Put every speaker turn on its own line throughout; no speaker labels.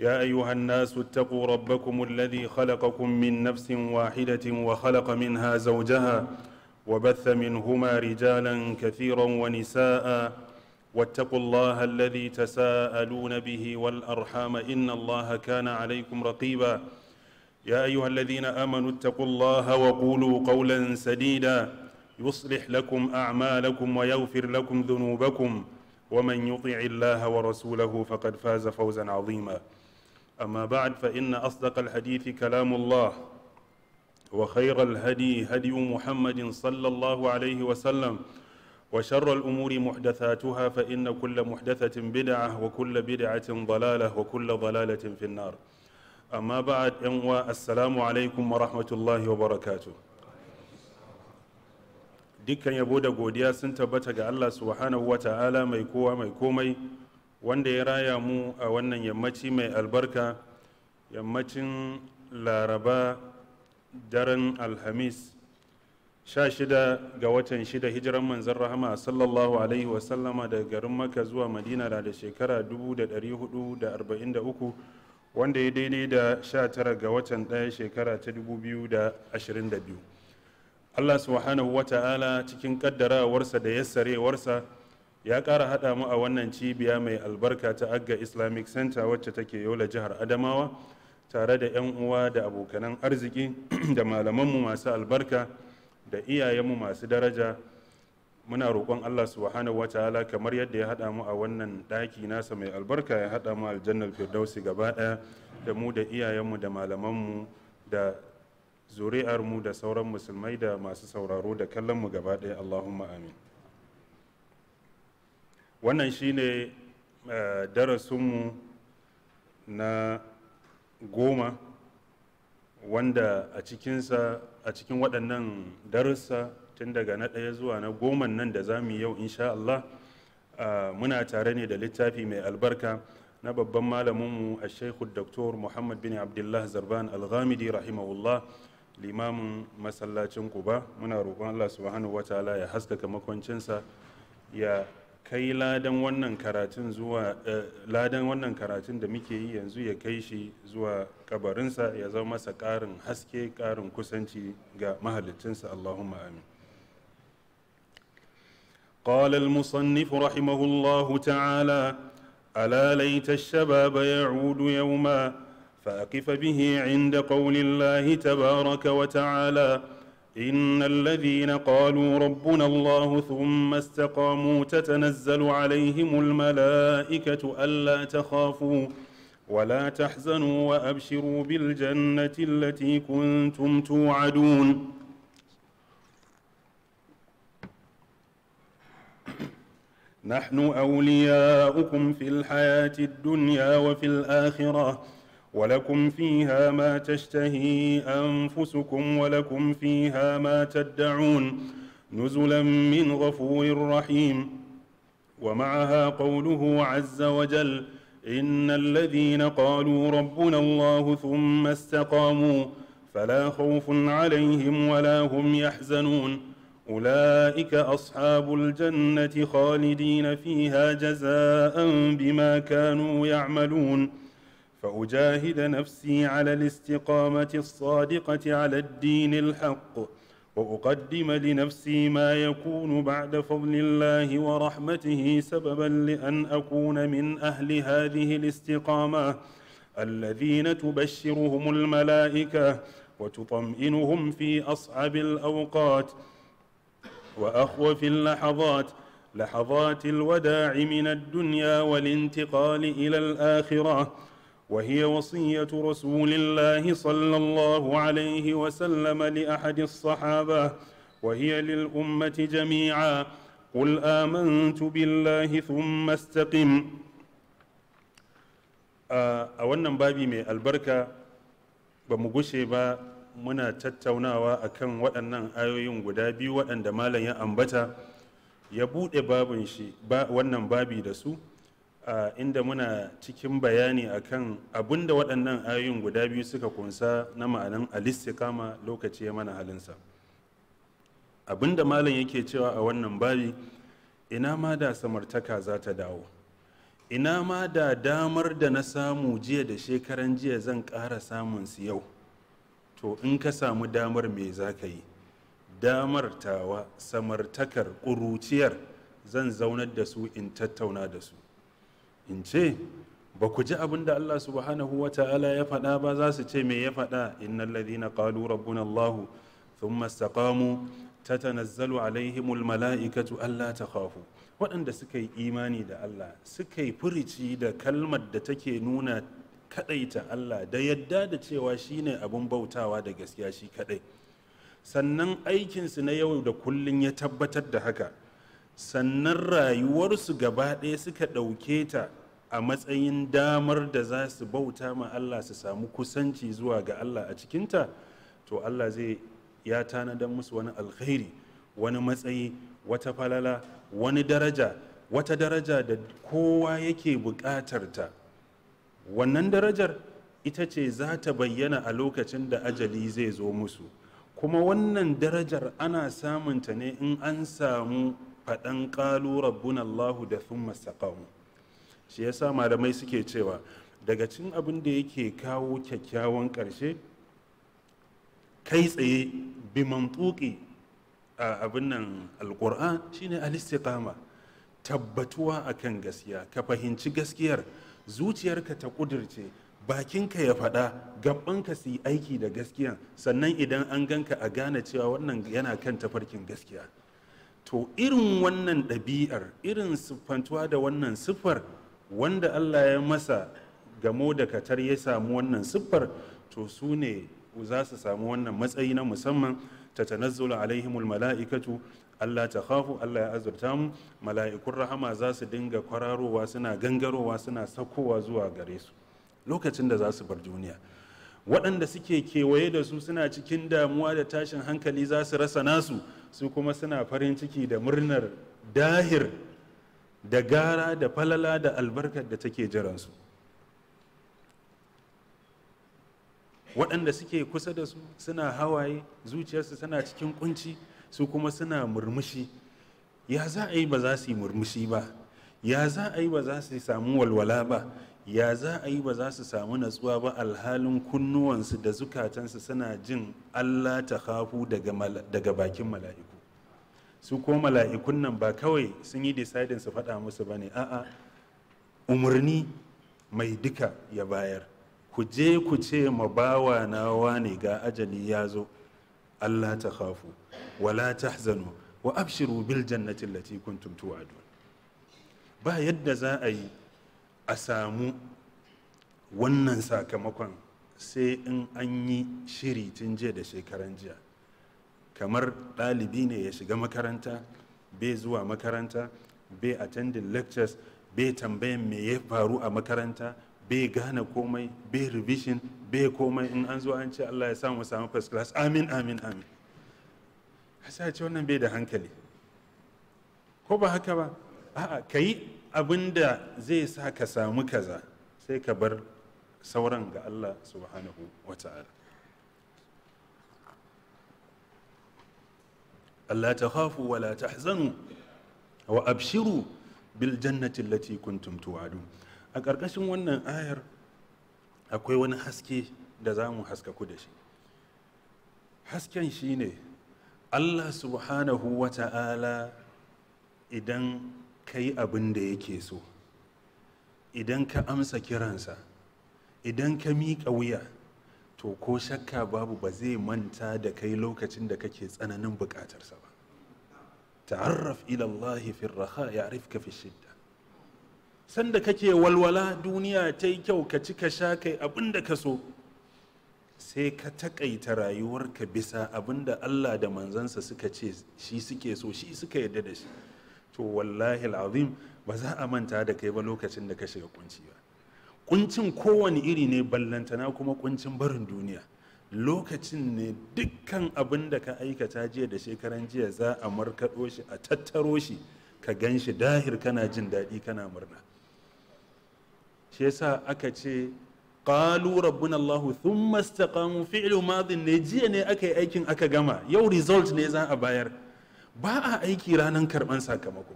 يا ايها الناس اتقوا ربكم الذي خلقكم من نفس واحده وخلق منها زوجها وبث منهما رجالا كثيرا ونساء واتقوا الله الذي تساءلون به والارحام ان الله كان عليكم رقيبا يا ايها الذين امنوا اتقوا الله وقولوا قولا سديدا يصلح لكم اعمالكم ويغفر لكم ذنوبكم ومن يطع الله ورسوله فقد فاز فوزا عظيما أما بعد فإن أصدق الحديث كلام الله وخير الهدي هدي محمد صلى الله عليه وسلم وشر الأمور محدثاتها فإن كل محدثة بدعة وكل بدعة ضلالة وكل ضلالة في النار أما بعد ينوى السلام عليكم ورحمة الله وبركاته dukkan yabo da godiya sun tabbata ga Allah subhanahu wa ta'ala mai kowa mai komai wanda ya raya mu a wannan yammaci mai albarka yammacin laraba daren alhamis sha ga watan shida hijiran manzan rahama sallallahu alaihi wasallama daga garin maka zuwa madina da da shekara 1443 wanda ya daidai da sha tara ga watan ɗaya shekara ta 2022 allah subhanahu wa ta'ala cikin kaddarawarsa da yassarewarsa ya ƙara haɗa mu a wannan cibiya mai albarka ta agga islamic center wacce take yola jihar adamawa tare da 'yan uwa da abokanan arziki da malamanmu masu albarka da iyayenmu masu daraja muna roƙon allah subhanahu wataala kamar yadda ya haɗa mu a wannan ɗaki nasa mai albarka ya haɗa mu aljannar firdausi gaba ɗaya da mu da iyayenmu da malamanmu da zuri'ar mu da sauran musulmai da masu sauraro da kallonmu gaba ɗaya allahumma amin wannan shine eh, darasinmu na goma wanda a cikinsa a cikin waɗannan darussa tun daga na ɗaya zuwa na goman nan da za mu yau insha Allah eh, muna tare ne da littafi mai albarka na babban malaminmu a shaikhu Dr. muhammad bin abdullah zarban alghamidi rahimahullah limamin masallacin ba muna roƙon allah subhanahu wa ta'ala ya haskaka makwancinsa ya kai ladan wannan karatun zuwa ladan wannan karatun da muke yi yanzu ya kai shi zuwa kabarinsa ya zama masa karin haske karin kusanci ga mahalicinsa Allahumma amin قال المصنف رحمه الله تعالى ألا ليت الشباب يعود يوما فأقف به عند قول الله تبارك وتعالى إن الذين قالوا ربنا الله ثم استقاموا تتنزل عليهم الملائكة ألا تخافوا ولا تحزنوا وأبشروا بالجنة التي كنتم توعدون نحن أولياؤكم في الحياة الدنيا وفي الآخرة ولكم فيها ما تشتهي أنفسكم ولكم فيها ما تدعون نزلا من غفور رحيم ومعها قوله عز وجل إن الذين قالوا ربنا الله ثم استقاموا فلا خوف عليهم ولا هم يحزنون أولئك أصحاب الجنة خالدين فيها جزاء بما كانوا يعملون فأجاهد نفسي على الاستقامة الصادقة على الدين الحق وأقدم لنفسي ما يكون بعد فضل الله ورحمته سببا لأن أكون من أهل هذه الاستقامة الذين تبشرهم الملائكة وتطمئنهم في أصعب الأوقات وأخوف اللحظات لحظات الوداع من الدنيا والانتقال إلى الآخرة وهي وصية رسول الله صلى الله عليه وسلم لأحد الصحابة وهي للأمة جميعا قل آمنت بالله ثم استقم آه، أولا بابي من البركة بمقشي با منا تتاونا وأكن وأنا آيوين قدابي وأن دمالا يأنبتا يبوت بابنشي با وأنا بابي دسو A inda muna cikin bayani akan abinda waɗannan ayoyin guda biyu suka kunsa na ma'anan kama lokaci ya mana halinsa abinda malam yake cewa a wannan babi ina ma da samartaka za ta dawo ina ma da damar da na samu jiya da shekaran jiya zan ƙara samun su yau to in ka samu damar me za ka yi damar tawa samartakar ƙuruciyar zan zaunar da su in tattauna da su in ce ba ku ji abin da Allah subhanahu wa ta'ala ya faɗa ba za su ce me ya faɗa innal ladhina qalu rabbuna Allah thumma istaqamu tatanazzalu alaihimul mala'ikatu alla takhafu waɗanda suka yi imani da Allah suka yi furici da kalmar da take nuna kadaita Allah da yadda da cewa shine abun bautawa da gaskiya shi kadai sannan aikinsu na yau da kullun ya tabbatar da haka sannan rayuwarsu gaba ɗaya suka ɗauke ta a matsayin damar da za su bauta ma Allah su samu kusanci zuwa ga Allah a cikinta to Allah zai ya tanadar musu wani alkhairi wani matsayi wata falala wani daraja wata daraja da kowa yake buƙatar ta wannan darajar ita ce za ta bayyana a lokacin da ajali zai zo musu kuma wannan darajar ana samunta ne in an samu faɗan ƙalu rabbunallahu da sun masakamu shi ya yasa malamai suke cewa daga cin abin da yake kawo kyakkyawan ƙarshe kai tsaye bi mantuki a abin nan alƙur'an shine al tabbatuwa akan gaskiya ka fahimci gaskiyar zuciyarka ta kudirce bakinka ya faɗa gabanka su yi aiki da gaskiya sannan idan an ganka a gane cewa wannan yana kan tafarkin gaskiya to irin wannan ɗabi'ar irin siffantuwa da wannan siffar wanda Allah ya masa gamo da katar ya samu wannan siffar to su ne za su samu wannan matsayi na musamman ta tanazzula alaihimul mala'ikatu Allah ta khafu Allah ya azurta mu mala'ikun rahama za su dinga kwararowa suna gangarowa suna sakowa zuwa gare su lokacin da za su bar duniya waɗanda suke kewaye da su suna cikin damuwa da tashin hankali za su rasa nasu su kuma suna farin ciki da murnar dahir da gara da falala da albarkar da take jiransu waɗanda suke kusa da su suna hawaye zuciyarsu suna cikin kunci su kuma suna murmushi ya za a yi ba za su yi murmushi ba ya za a yi ba za su samu walwala ba ya za a yi ba za su samu natsuwa ba alhalin kunnuwansu da zukatansu suna jin allah ta daga bakin mala'iku su ko mala'ikun nan ba kawai sun yi decidin su faɗa musu ba ne a'a umarni mai duka ya bayar ku je ku ce ma bawa na wane ga ajali ya zo allah ta khafu wala tahzanu wa abshiru bil jannati allati kuntum tu'adun ba yadda za a yi a samu wannan sakamakon sai in an yi shiri tun jiya da shekaran jiya kamar ɗalibi ne ya shiga makaranta bai zuwa makaranta bai attending lectures bai tambayan me ya faru a makaranta bai gane komai bai revision bai komai in an zo an ce Allah ya samu samu first class amin amin amin a ce wannan bai da hankali ko ba haka ba a'a ka yi abin da zai sa ka samu kaza sai ka bar sauran ga Allah subhanahu wa ta'ala Allah ta hafu wa la tahzanu wa abshiru bil jannati allati kuntum a ƙarƙashin wannan ayar akwai wani haske da za mu haskaku da shi hasken shine Allah subhanahu wa ta'ala idan ka yi abin da yake so idan ka amsa kiransa idan ka miƙa wuya to ko shakka babu ba zai manta da kai lokacin da kake tsananin bukatarsa ba ta'arraf ila Allah fi raha ya'rifka fi shidda sanda kake walwala duniya ta yi kyau ka ci ka sha kai abin da ka so sai ka takaita rayuwarka bisa abin Allah da manzansa suka ce shi suke so shi suka yarda da shi to wallahi al'azim ba za a manta da kai ba lokacin da ka shiga kunci ba kuncin kowane iri ne ballantana kuma kuncin barin duniya lokacin ne dukkan abin da ka aikata jiya da shekaran jiya za a markaɗo shi a tattaro shi ka gan shi dahir kana jin daɗi kana murna shi yasa aka ce qalu rabbuna allah thumma istaqamu fi'lu madin ne jiya ne aka yi aikin aka gama yau result ne za a bayar ba a aiki ranar karɓar sakamako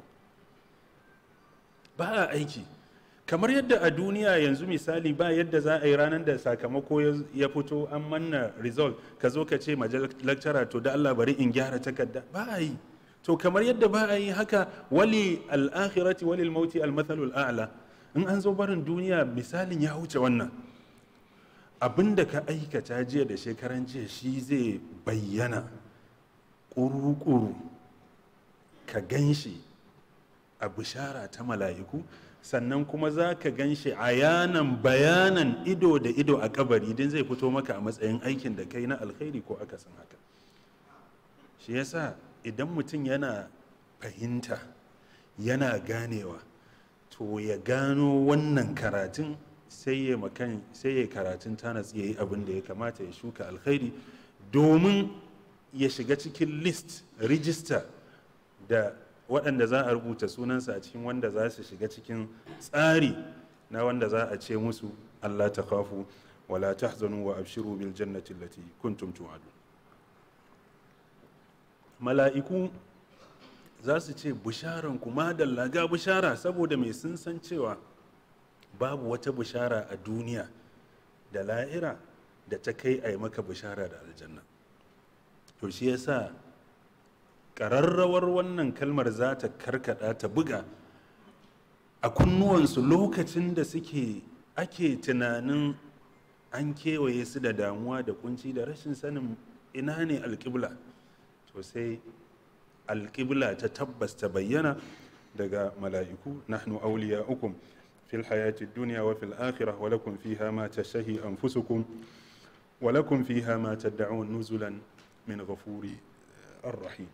ba a aiki kamar yadda a duniya yanzu misali ba yadda za a yi ranar da sakamako ya fito an manna result ka zo ka ce majalar lecturer to da Allah bari in gyara takarda ba a yi to kamar yadda ba a yi haka wali al'akhirati wali mauti al-mathalul a'la in an zo barin duniya misalin ya wuce wannan abin da ka aikata jiya da shekaran jiya shi zai bayyana ƙuru-ƙuru ka gan shi a bishara ta mala'iku sannan kuma za ka gan shi yanan bayanan ido da ido a kabari idan zai fito maka a matsayin aikin da kai na alkhairi ko aka san haka shi yasa idan mutum yana fahimta yana ganewa to ya gano wannan karatun sai ya makan sai ya karatun tanatsi ya yi abin da ya kamata ya shuka alkhairi domin ya shiga cikin list register da waɗanda za a rubuta sunansa a cikin wanda za su shiga cikin tsari na wanda za a ce musu Allah ta kafu wala zanu wa abshiru bil jannati lati kuntum tu'adu mala'iku za su ce bisharan ku madalla ga bishara saboda mai sun san cewa babu wata bishara a duniya da la'ira da ta kai a yi maka bishara da aljanna to shi yasa ƙararrawar wannan kalmar za ta karkada ta buga a kunnuwansu lokacin da suke ake tunanin an kewaye su da damuwa da kunci da rashin sanin ina ne alƙibla to sai alƙibla ta tabbas ta bayyana daga mala'iku nahnu auliya ukum fil hayati duniya wa fil akhirah wa lakum fiha ma tashahi anfusukum wa lakum fiha ma tad'un nuzulan min ghafuri ar-rahim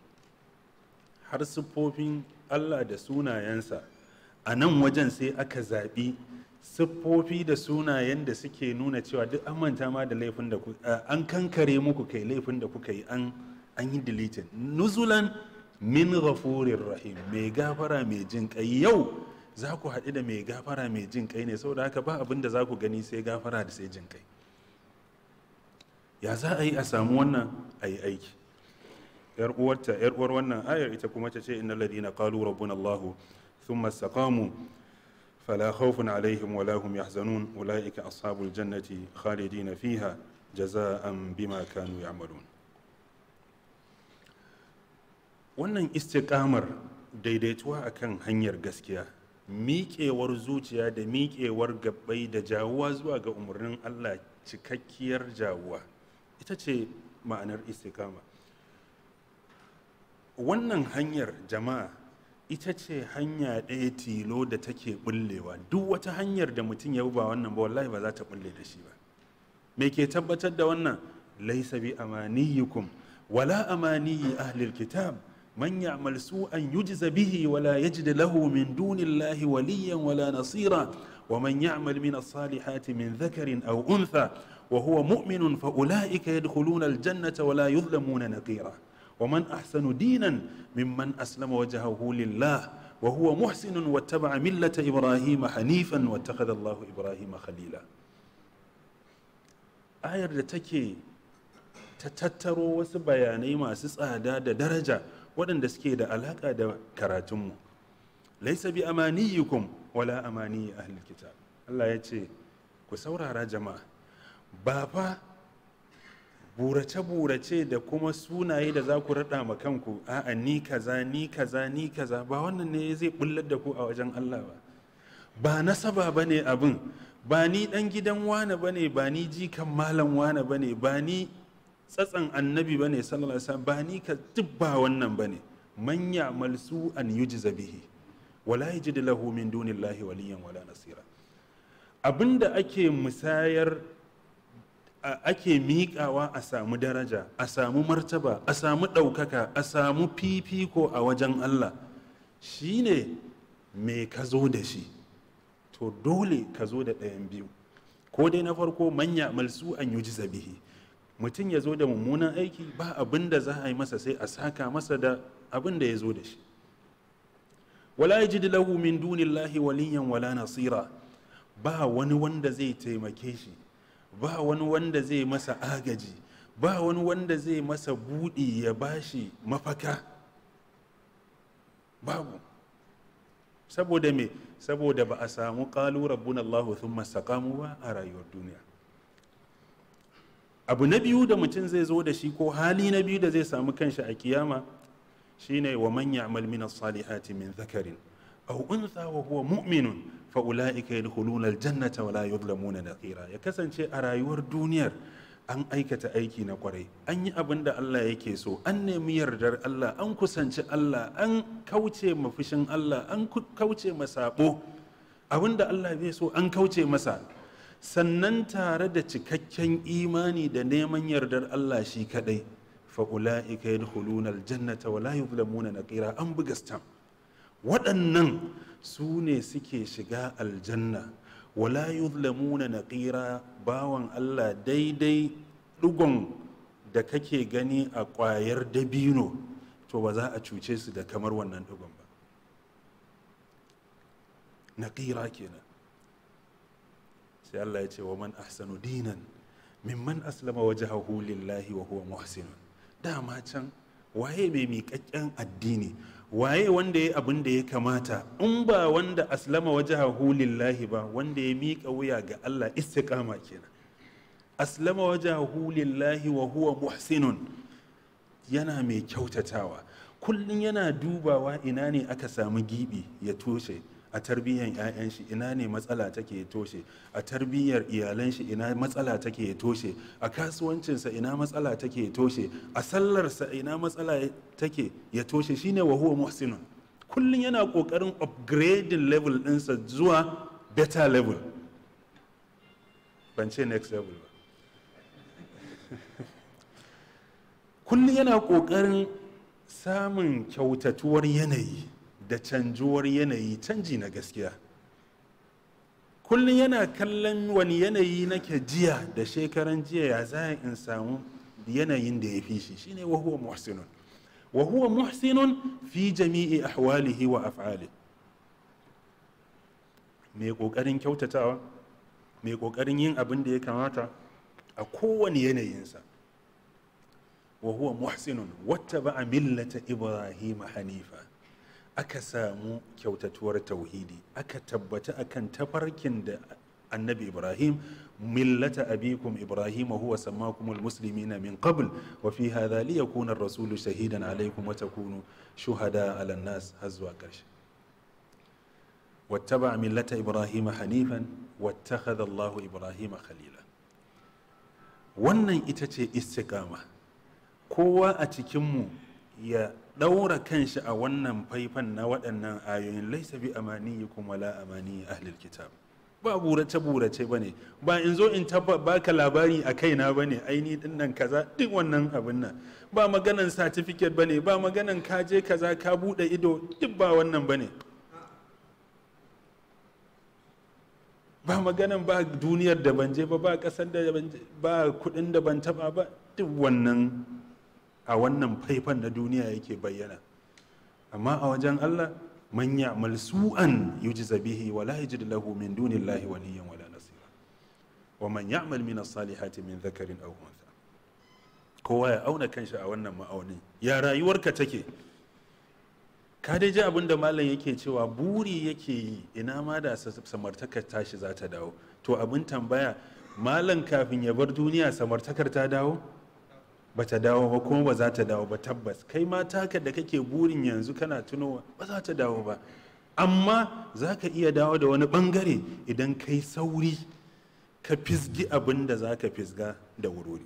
har siffofin Allah da sunayensa a nan wajen sai aka zaɓi siffofi da sunayen da suke nuna cewa duk an manta ma da laifin da ku an kankare muku kai laifin da kuka yi an yi deletin nuzulan min ghafurir rahim mai gafara mai jin kai yau za ku haɗu da mai gafara mai jin kai ne saboda haka ba abin da za ku gani sai gafara da sai jin kai ya za a yi a samu wannan a yi aiki yar uwarta yar uwar wannan ayar ita kuma ta ce innal ladina qalu rabbuna allah thumma istaqamu fala khawfun alaihim wala hum yahzanun ulaika ashabul jannati khalidina fiha jaza'an bima kanu ya'malun wannan istiqamar daidaituwa akan hanyar gaskiya miƙewar zuciya da miƙewar gabbai da jawuwa zuwa ga umarnin allah cikakkiyar jawuwa ita ce ma'anar istiqama wannan hanyar jama'a ita ce hanya ɗaya tilo da take bullewa duk wata hanyar da mutum ya ba wannan ba wallahi ba za ta bulle da shi ba me ke tabbatar da wannan laisa bi amaniyikum wala amaniyi ahlil kitab man ya'mal su'an yujza bihi wala yajid lahu min dunillahi waliyan wala nasira wa man ya'mal min as-salihati min dhakarin aw untha wa huwa mu'minun fa ulaika yadkhuluna al-jannata wala yuzlamuna naqira ومن أحسن دينا ممن أسلم وجهه لله وهو محسن واتبع ملة إبراهيم حنيفا واتخذ الله إبراهيم خليلا ayar da take ta tattaro wasu bayanai masu tsada da daraja waɗanda suke da alaƙa da karatunmu laisa bi wala amani ahlul Allah ya ce ku saurara jama'a ba burace-burace da kuma sunaye da za ku raɗa ma kanku a'a ni kaza ni kaza ni kaza ba wannan ne zai bullar da ku a wajen Allah ba ba nasaba ba ne abin ba ni ɗan gidan wane ba ne ba ni jikan malam wane ba ne ba ni tsatsan annabi ba ne sallallahu ba ni ka duk ba wannan ba ne Manya malsu an yujza bihi wala yajid lahu min dunillahi waliyan wala nasira abinda ake musayar ake miƙawa a samu daraja a samu martaba a samu ɗaukaka a samu fifiko a wajen allah shine me ka zo da shi to dole ka zo da ɗayan biyu ko dai na farko manya malsu an yi bihi mutum ya zo da mummunan aiki ba abin da za a yi masa sai a saka masa da abin da ya zo da shi wala ya ji lahu min dunillahi waliyan wala nasira ba wani wanda zai taimake shi ba wani wanda zai masa agaji ba wani wanda zai masa buɗi ya bashi mafaka babu saboda me saboda ba a samu ƙalu rabbun allahu ba a rayuwar duniya abu na biyu da mutum zai zo da shi ko hali na biyu da zai samu kanshi a kiyama shine wa manya ya'mal min as-salihati min zakarin aw untha wa huwa mu'minun fa ulaika hulunar aljannata wala yuzlamuna naqira ya kasance a rayuwar duniyar an aikata aiki na kwarai an yi abin da Allah yake so an nemi yardar Allah an kusanci Allah an kauce ma fushin Allah an kauce ma abin da Allah zai so an kauce masa sannan tare da cikakken imani da neman yardar Allah shi kadai fa ulaika hulunar aljannata wala yuzlamuna naqira an bugastam waɗannan su ne suke shiga aljanna wala na ƙira bawan Allah daidai ɗigon da kake gani a ƙwayar dabino to ba za a cuce su da kamar wannan ɗugon ba Na ƙira kenan sai Allah ya ce wa man ahsanu dinan mimman aslama hahu lillahi wa huwa muhsin dama can waye mai miƙaƙƙen addini waye wanda ya abin da ya kamata in ba wanda aslama wajahahu lillahi ba wanda ya miƙa wuya ga Allah istiqama kenan aslama wajahahu lillahi wa huwa muhsinun yana mai kyautatawa kullun yana dubawa ina ne aka samu gibi ya toshe a tarbiyyar 'ya'yan shi ina ne matsala take toshe a tarbiyyar iyalan shi ina matsala take toshe a kasuwancinsa ina matsala take toshe a sallarsa ina matsala take ya toshe shine wa huwa muhsinun kullum yana kokarin upgrading level ɗinsa zuwa better level ban ce next level ba kullum yana kokarin samun kyautatuwar yanayi da canjuwar yanayi canji na gaskiya kullum yana kallon wani yanayi nake jiya da shekaran jiya ya za in samu yanayin da ya fi shi shine wa huwa muhsinun wa muhsinun fi jami'i ahwalihi wa af'ali mai kokarin kyautatawa mai kokarin yin abin da ya kamata a kowane yanayinsa wahuwa muhsinun wata ba a millata ibrahim hanifa aka samu kyautatuwar tauhidi aka tabbata akan tafarkin da annabi ibrahim millata abikum ibrahim huwa sammakumul muslimina min qabl wa fi hadha li yakuna ar-rasulu shahidan alaykum wa takunu shuhada 'ala an-nas har karshe millata ibrahim hanifan wattakhadha allahu ibrahim khalila wannan ita ce istiqama kowa a cikinmu ya ɗaura kanshi a wannan faifan na waɗannan ayoyin laisa bi kuma la amani ahlil kitab ba burace burace ba ne ba in zo in taba baka labari a kaina ne aini din nan kaza duk wannan abin nan ba maganan certificate ne ba maganan ka je kaza ka bude ido duk ba wannan ba ne ba maganan ba duniyar da ban je ba ba kasar da ban ba kudin da ban taba ba duk wannan a wannan faifan na duniya yake bayyana amma a wajen Allah man ya'mal su'an yujza bihi wa la yajid lahu min dunillahi waliyyan wala nasira wa man ya'mal min as-salihati min dhakarin aw untha kowa ya auna kanshi a wannan ma'aunin ya rayuwarka take ka dai ji abinda da malam yake cewa buri yake yi ina ma da samartakar tashi za ta dawo to abin tambaya malam kafin ya bar duniya samartakar ta dawo ba ta dawo ba kuma ba za ta dawo ba tabbas kai ma taka da kake burin yanzu kana tunowa ba za ta dawo ba amma za ka iya dawo da wani bangare idan kai sauri ka fisgi abin da za ka fisga da wurori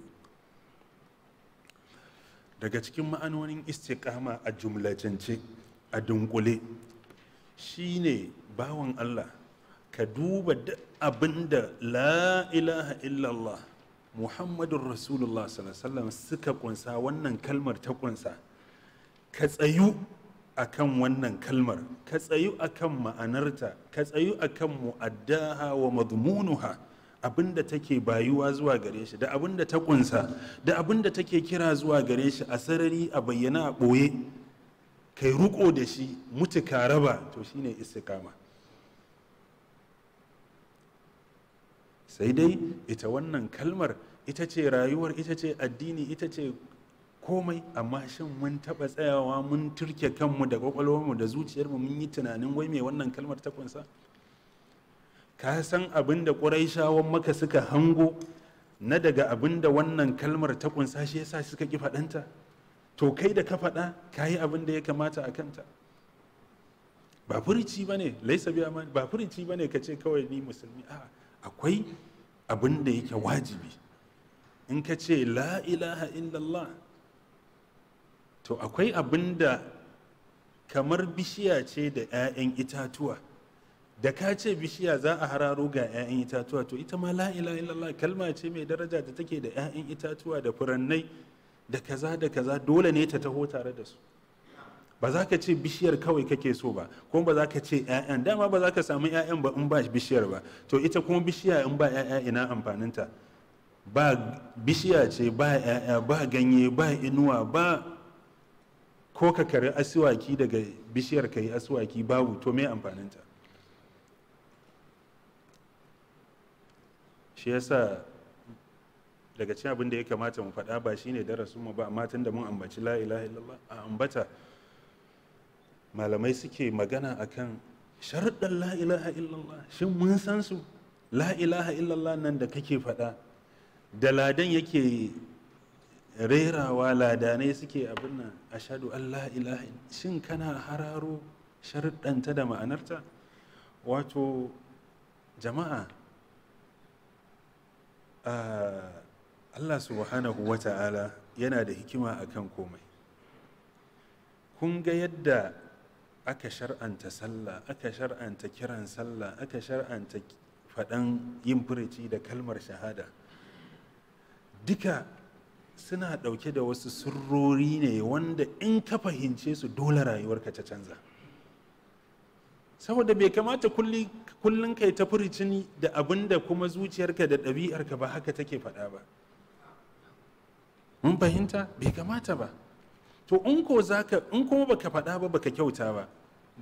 daga cikin ma'anonin istiqama a jumlacance a dunkule shine bawan allah ka duba duk abin da la ilaha illallah muhammadun rasulullah sallallahu suka kunsa wannan kalmar ta kunsa ka tsayu akan wannan kalmar ka tsayu akan ma'anarta ka tsayu akan mu'addaha wa madmunuha abinda take bayuwa zuwa gare shi da abinda ta kunsa da abinda take kira zuwa gare shi a sarari a bayyana a ɓoye kai ruko da shi mutu ka raba to shine istiqama sai dai ita wannan kalmar ita ce rayuwar ita ce addini ita ce komai amma shin mun taɓa tsayawa mun turke kanmu da kwakwalwarmu da zuciyarmu mun yi tunanin wai mai wannan kalmar ta kunsa ka san abin da ƙuraishawan maka suka hango na daga abin da wannan kalmar ta kunsa shi yasa suka ki faɗanta to kai da ka faɗa ka yi abin da ya kamata a kanta ba furici ba ne laisa biya ba furici ba ne ka ce kawai ni musulmi a'a akwai abin da yake wajibi in ka ce la illallah to akwai abin da kamar bishiya ce da 'ya'yan itatuwa da ka ce bishiya za a hararo ga 'ya'yan itatuwa to ita ma la illallah kalma ce mai daraja da take da 'ya'yan itatuwa da furannai da kaza da kaza dole ne ta taho tare da su ba za ka ce bishiyar kawai kake so ba ko ba za ka ce 'ya'yan dama ba za ka samu 'ya'yan ba in ba bishiyar ba to ita kuma bishiya in ba 'ya'ya ina amfaninta ba bishiya ce ba 'ya'ya ba ganye ba inuwa ba ko ka kari asuwaki daga bishiyar ka yi asuwaki babu to me amfaninta shi yasa daga cin abin da ya kamata mu faɗa ba shine darasin mu ba amma tun da mun ambaci la ilaha illallah a ambata malamai suke magana akan sharuɗan la ilaha illallah shin mun san su la ilaha illallah nan da kake faɗa da ladan yake rerawa ladanai suke abin nan ashadu an la ilaha shin kana hararo sharuɗanta da ma'anarta wato jama'a Allah subhanahu wa ta'ala yana da hikima a kan komai kun ga yadda aka shar'anta sallah aka shar'anta kiran sallah aka shar'anta faɗan yin furici da kalmar shahada duka suna ɗauke da wasu sirrori ne wanda in ka fahimce su dole rayuwarka ta canza saboda bai kamata kullum kai ta furicin da abin da kuma zuciyarka da ɗabi'arka ba haka take faɗa ba mun fahimta bai kamata ba to in ko zaka in kuma baka faɗa ba baka kyauta ba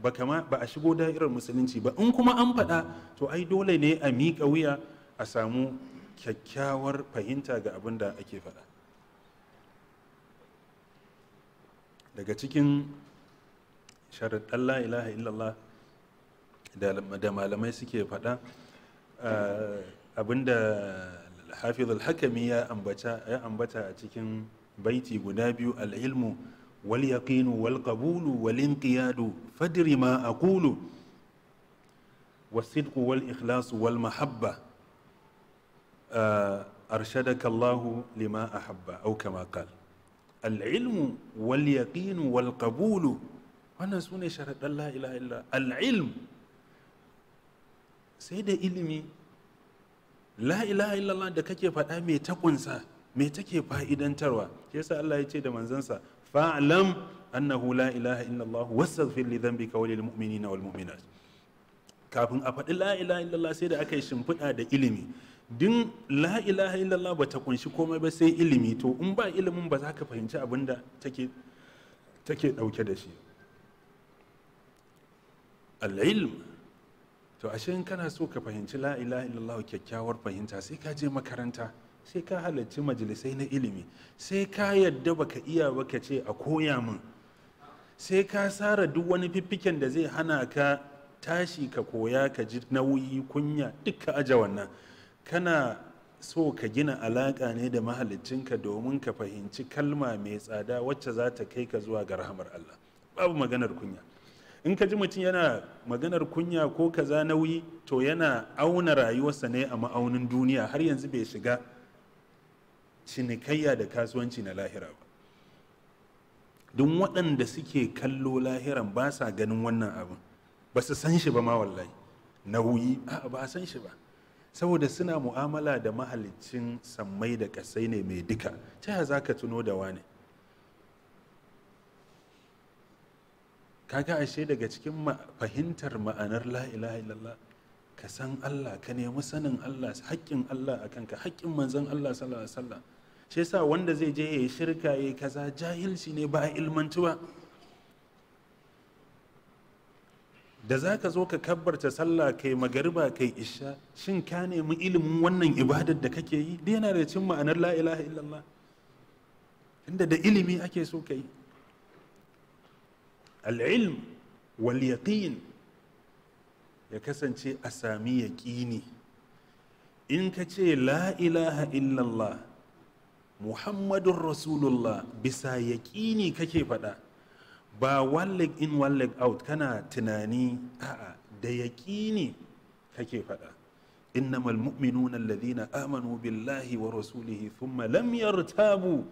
ba kama ba a shigo da'irar musulunci ba in kuma an faɗa to ai dole ne a miƙa wuya a samu kyakkyawar fahimta ga abin da ake faɗa daga cikin la ilaha illallah da malamai suke faɗa eh, abin da al-hakami ya ambata a cikin baiti guda biyu al'ilmu wal yaqinu wal qabulu wal inqiyadu fadri ma aqulu والصدق والإخلاص والمحبة أرشدك الله لما أحب أو كما قال العلم واليقين والقبول وانا سوني شرط لا إله إلا العلم سيد إلمي لا إله إلا الله دكتي فأمي تقنسا me take fa'idantarwa shi yasa Allah ya ce da manzansa fa'lam annahu la ilaha illallah wastaghfir li dhanbika wa lil mu'minina wal mu'minat kafin a faɗi la ilaha illallah sai da aka yi shimfiɗa da ilimi din la ilaha illallah bata kunshi komai ba sai ilimi to in ba ilimin ba za ka fahimci abin da take take ɗauke da shi al-ilm to ashe in kana so ka fahimci la ilaha illallah kyakkyawar fahimta sai ka je makaranta sai ka halarci majalisai na ilimi sai ka yadda baka iya baka ce a koya min sai ka sara duk wani fiffiken da zai hana ka tashi ka koya ka ji nauyi kunya Dukka aja wannan kana so ka gina alaƙa ne da mahalicinka domin ka fahimci kalma mai tsada wacce za ta kai ka zuwa ga rahamar Allah babu maganar kunya in ka ji mutum yana maganar kunya ko kaza nauyi to yana auna rayuwarsa ne a ma'aunin duniya har yanzu bai shiga cinikayya da kasuwanci na lahira ba duk waɗanda suke kallo lahiran ba sa ganin wannan abin ba su san shi ba ma wallahi nauyi A'a ba san shi ba saboda suna mu'amala da mahalicin sammai da ƙasai ne mai duka ta za ka tuno da wane kaga ashe daga cikin fahimtar ma'anar la ilaha illallah ka san Allah ka nemi sanin Allah haƙƙin Allah a kanka haƙƙin manzon Allah sallallahu alaihi wasallam shi yasa wanda zai je yayi shirka yayi kaza jahilci ne ba a ba da za ka zo ka kabbarta sallah kai magariba kai isha shin ka nemi ilimin wannan ibadar da kake yi da yana da cin ma'anar la ilaha illallah inda da ilimi ake so ka yi al-ilm wal yaqin ya kasance a sami yaƙini in ka ce la ilaha illallah muhammadun rasulullah bisa yaƙini kake faɗa ba one leg in one leg out kana tunani a'a da yaƙini kake faɗa innamal mu'minuna alladhina amanu billahi wa rasulihi tabu thumma lam yartabu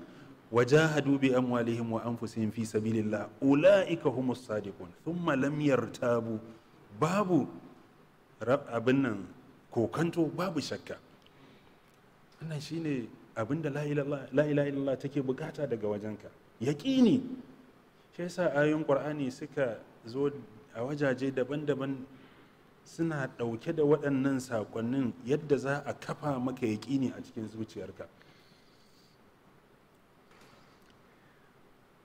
wa بأموالهم وأنفسهم في سبيل الله أولئك هم الصادقون ثم لم tabu babu. rab abin nan kokanto babu shakka wannan shine abin da la'ila take bukata daga wajenka yaƙini shi yasa ayoyin ƙur'ani suka zo a wajaje daban-daban suna ɗauke da waɗannan saƙonnin yadda za a kafa maka yaƙini a cikin zuciyarka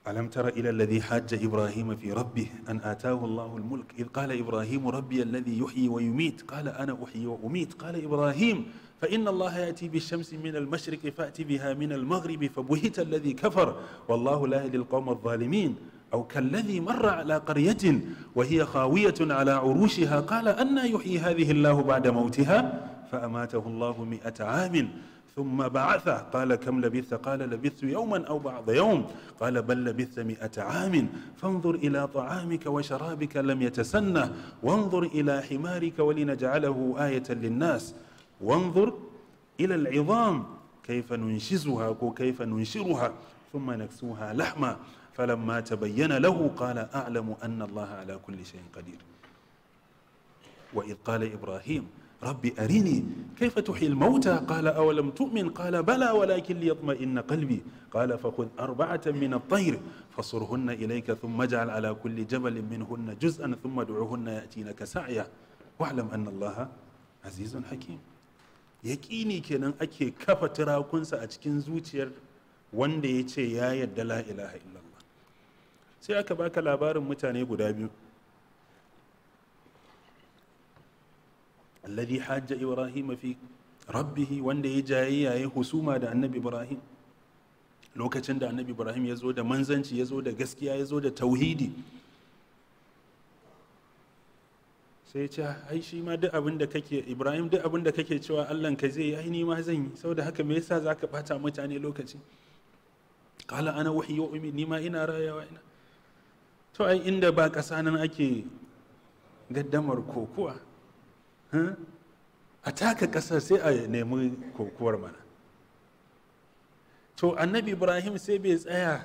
ألم تر إلى الذي حاج إبراهيم في ربه أن آتاه الله الملك إذ قال إبراهيم ربي الذي يحيي ويميت قال أنا أحيي وأميت قال إبراهيم فإن الله يأتي بالشمس من المشرق فأت بها من المغرب فبهت الذي كفر والله لا يهدي القوم الظالمين أو كالذي مر على قرية وهي خاوية على عروشها قال أنا يحيي هذه الله بعد موتها فأماته الله مئة عام ثم بعثه قال كم لبثت قال لبثت يوما أو بعض يوم قال بل لبثت مئة عام فانظر إلى طعامك وشرابك لم يتسنه وانظر إلى حمارك ولنجعله آية للناس وانظر إلى العظام كيف ننشزها كيف ننشرها ثم نكسوها لحما فلما تبين له قال أعلم أن الله على كل شيء قدير وإذ قال إبراهيم rabbi arini kaifa tuhil mauta kala awalam tu'min qala bala walakin liyatma'inna qalbi qala fakhudh arba'atan min at-tayr fasurhunna ilaika thumma ij'al ala kulli jabalin minhunna juz'an thumma ud'uhunna ya'tinaka sa'ya wa'lam anna allaha azizun hakim yaƙini kenan ake kafa turakunsa a cikin zuciyar wanda ya ce ya yarda la'ilaha ilaha illallah sai aka baka labarin mutane guda biyu alladhi hajja ibrahim fi rabbihi wanda ya jayayya ya husuma da annabi ibrahim lokacin da annabi ibrahim ya zo da manzanci ya zo da gaskiya ya zo da tauhidi sai ce ai shi ma duk abin da kake ibrahim duk abin da kake cewa allan ka zai ai ni ma zan yi saboda haka me yasa zaka bata mutane lokaci qala ana wahyi wa ummi ni ma ina rayawa ina to ai inda ba kasa ake gaddamar kokuwa a taka ƙasa sai a nemi kokuwar mana to annabi ibrahim sai bai tsaya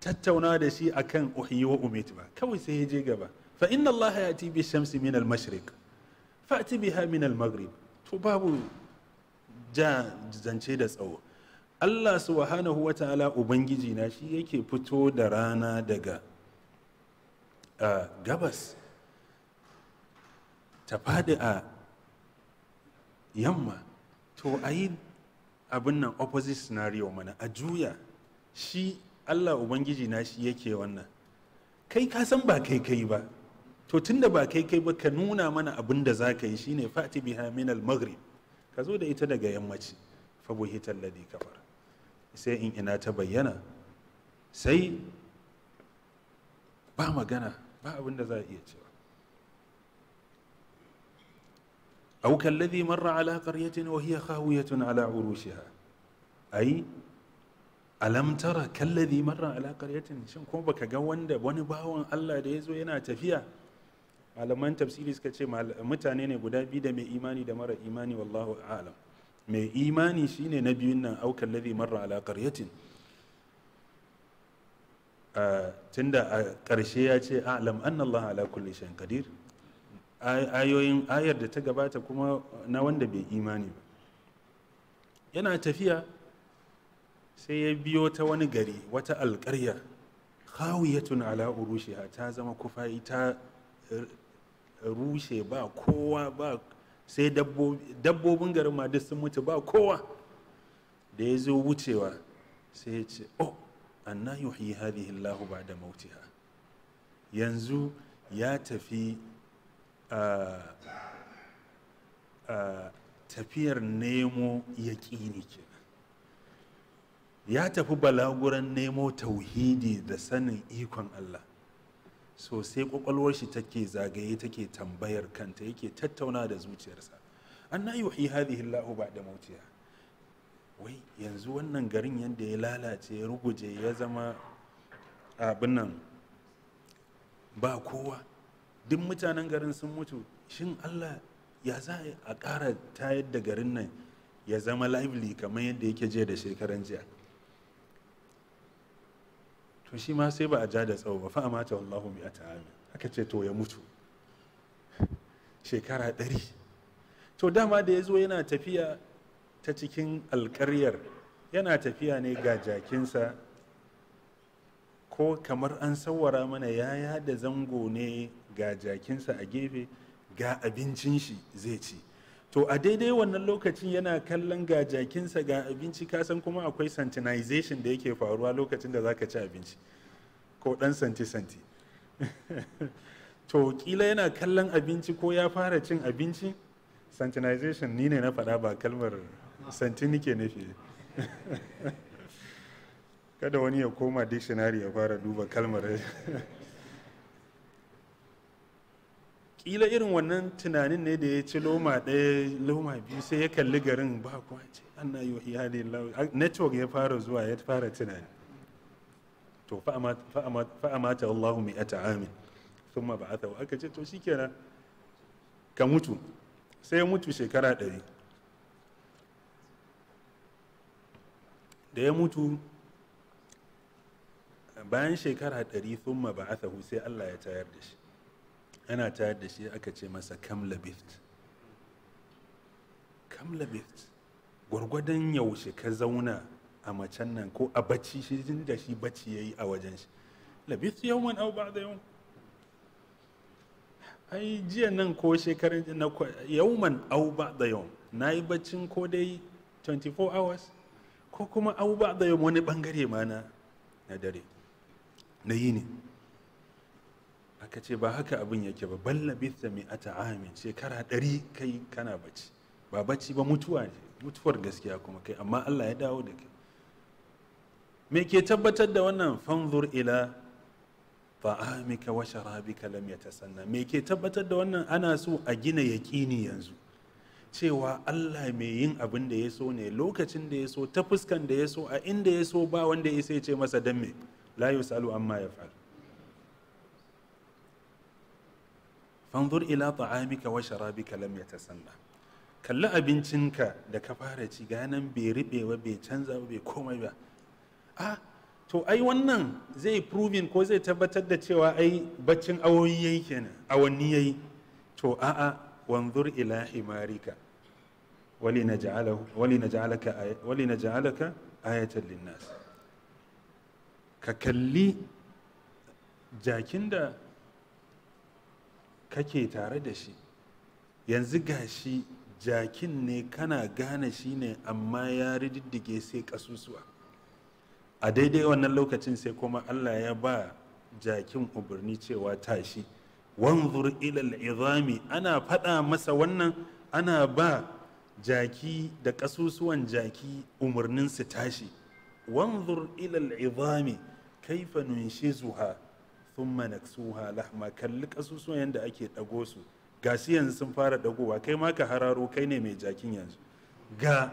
tattauna da shi akan kan wa umit ba kawai sai ya je gaba fa inna allaha bi shamsi min al mashriq fa'ti biha min al maghrib to babu ja zance da tsawo Allah subhanahu wa ta'ala ubangiji na shi yake fito da rana daga ah, gabas ta faɗi a yamma to a yi abin nan opposite scenario mana a juya shi allah ubangiji na shi yake wannan kai ka san ba kai kai ba to tunda ba kai kai ba ka nuna mana abin da za ka yi shine fati biha min al-maghrib ka zo da ita daga yammaci fa buhital Ladi kafar sai in ina ta bayyana sai ba magana ba abin da za a iya cewa أو كالذي مر على قرية وهي خاوية على عروشها أي alam tara kallazi marra ala qaryatin shin kuma baka ga wanda wani bawan Allah da yazo yana tafiya malaman tafsiri suka ce mutane ne guda biyu da mai imani da mara imani wallahu a'lam mai imani shine na biyun nan au kallazi marra ala tunda a ƙarshe ya ce a'lam anna Allah ala kulli shay'in ayoyin ayar da ta gabata kuma na wanda bai imani ba yana tafiya sai ya biyo ta wani gari wata ya khawiyatun ala urushiha ta zama kufa ita rushe ba kowa ba sai dabbobin garin ma duk sun mutu ba kowa da ya zo wucewa sai ya ce oh anna yuhyi hadhihi ba ba'da mautiha yanzu ya tafi tafiyar nemo ya yaƙini ke ya tafi balaguran nemo tauhidi da sanin ikon Allah Sosai sai kwakwalwar shi take zagaye take tambayar kanta yake tattauna da zuciyarsa an na yuhi hadhihi ba da mautiya wai yanzu wannan garin yadda ya lalace ya ruguje ya zama abin nan ba kowa duk mutanen garin sun mutu shin allah ya za a ƙara tayar da garin nan ya zama lively kamar yadda yake jiya da shekaran jiya to shi ma sai ba a ja da tsawo ba fa'a mata wallahu mi aka ce to ya mutu shekara ɗari to dama da ya zo yana tafiya ta cikin alkaryar yana tafiya ne ga jakinsa ko kamar an sawara mana yaya da zango ne ga jakinsa a gefe ga abincin shi zai ci to a daidai wannan lokacin yana kallon ga jakinsa ga abinci kasan kuma akwai santinization da yake faruwa lokacin da zaka ci abinci ko dan santi-santi to kila yana kallon abinci ko ya fara cin abinci santinization ni ne na faɗa ba kalmar santi nike nufi kada wani ya koma dictionary ya fara duba kalmar kila irin wannan tunanin ne da ya ci loma ɗaya loma biyu sai ya kalli garin ba kuwa ce na yi wa network ya fara zuwa ya fara tunani to fa'amata Allahu mai ata amin sun ma ba'ata wa aka ce to shi kenan ka mutu sai ya mutu shekara ɗari da ya mutu bayan shekara ɗari sun ma ba'ata sai Allah ya tayar da shi ana tayar da shi aka ce masa kam labift kam gwargwadon yaushe ka zauna a macen nan ko a bacci shi jin da shi bacci ya yi a wajen shi labift yau man au ba da yau ai jiya nan ko shekarar na yau man au ba da yau na yi baccin ko dai 24 hours ko kuma au ba da yau wani bangare ma na dare na yi ne aka ce ba haka abin yake ba balla bitha mi'ata amin shekara ɗari kai kana bacci ba bacci ba mutuwa ne mutuwar gaskiya kuma kai amma Allah ya dawo da kai me ke tabbatar da wannan fanzur ila ta'amika wa sharabika lam yatasanna me ke tabbatar da wannan ana so a gina yaqini yanzu cewa Allah mai yin abin da ya so ne lokacin da ya so ta fuskan da ya so a inda ya so ba wanda ya sai ce masa dan me la yusalu amma yaf'al fanzur ila ta'amika wa sharabika lam yatasanna kalli abincinka da ka fara ci ganan bai riɓe ba bai canza ba bai komai ba a to ai wannan zai proving ko zai tabbatar da cewa ai baccin awoyi yayi kenan awanni yayi to a'a wanzur ila himarika wali naj'alaka wali ayatan linnas ka kalli jakin da kake tare da shi yanzu gashi jakin ne kana gane shi ne amma ya rididdige sai kasusuwa a daidai wannan lokacin sai kuma allah ya ba jakin umarni cewa tashi wanzur ilal izami ana faɗa masa wannan ana ba jaki da ƙasusuwan jaki umarnin su tashi wanzur ilal izami kaifa nunshizuha thumma naksuha lahma kalli kasusuwan yadda ake dago su ga su yanzu sun fara dagowa kai ma ka hararo kai ne mai jakin yanzu ga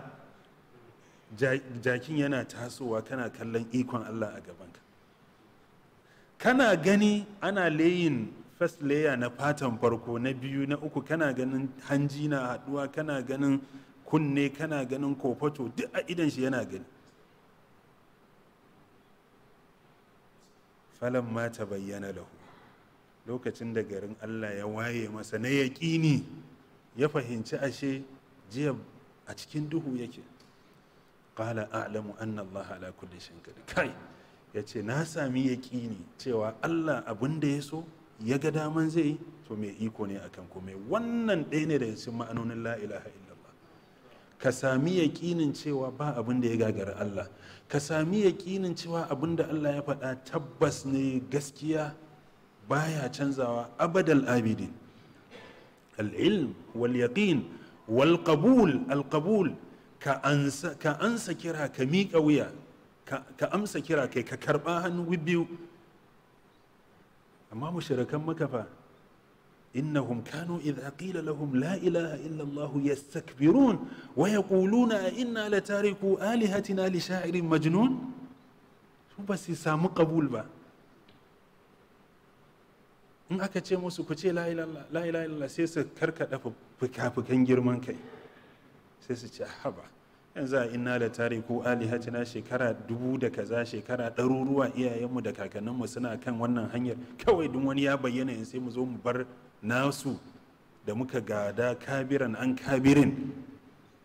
jakin yana tasowa kana kallon ikon Allah a gabanka kana gani ana layin first layer na fatan farko na biyu na uku kana ganin hanji na haduwa kana ganin kunne kana ganin kofato duk a idan shi yana gani falan ma ta bayyana lahu lokacin da garin allah ya waye masa na yaƙini ya fahimci ashe jiya a cikin duhu yake ƙala a'lamu anna allah ala kulli shay'in kai ya ce na sami yaƙini cewa allah abin da ya so ya ga daman zai yi to mai iko ne akan komai wannan ɗaya ne ya cikin ma'anonin la ilaha illallah ka sami yaƙinin cewa ba abin da ya gagara Allah ka sami yaƙinin cewa abin da Allah ya faɗa tabbas ne gaskiya baya canzawa abadal abidin al'ilm wal yaqin wal qabul al qabul ka ansa kira ka miƙa wuya ka amsa kira kai ka karɓa hannu biyu amma mushrikan makafa إنهم كانوا إذا قيل لهم لا إله إلا الله يستكبرون ويقولون na لتاركوا آلهتنا لشاعر مجنون su ba su samu ƙabul ba in aka ce musu ku ce la'ilallah sai su karkada fuka girman kai sai su ce haba yanzu a ina da tare alihatina shekara dubu da kaza shekara ɗaruruwa iyayenmu da kakanninmu suna kan wannan hanyar kawai duk wani ya bayyana in sai mu mu bar nasu da muka gada kabiran an kabirin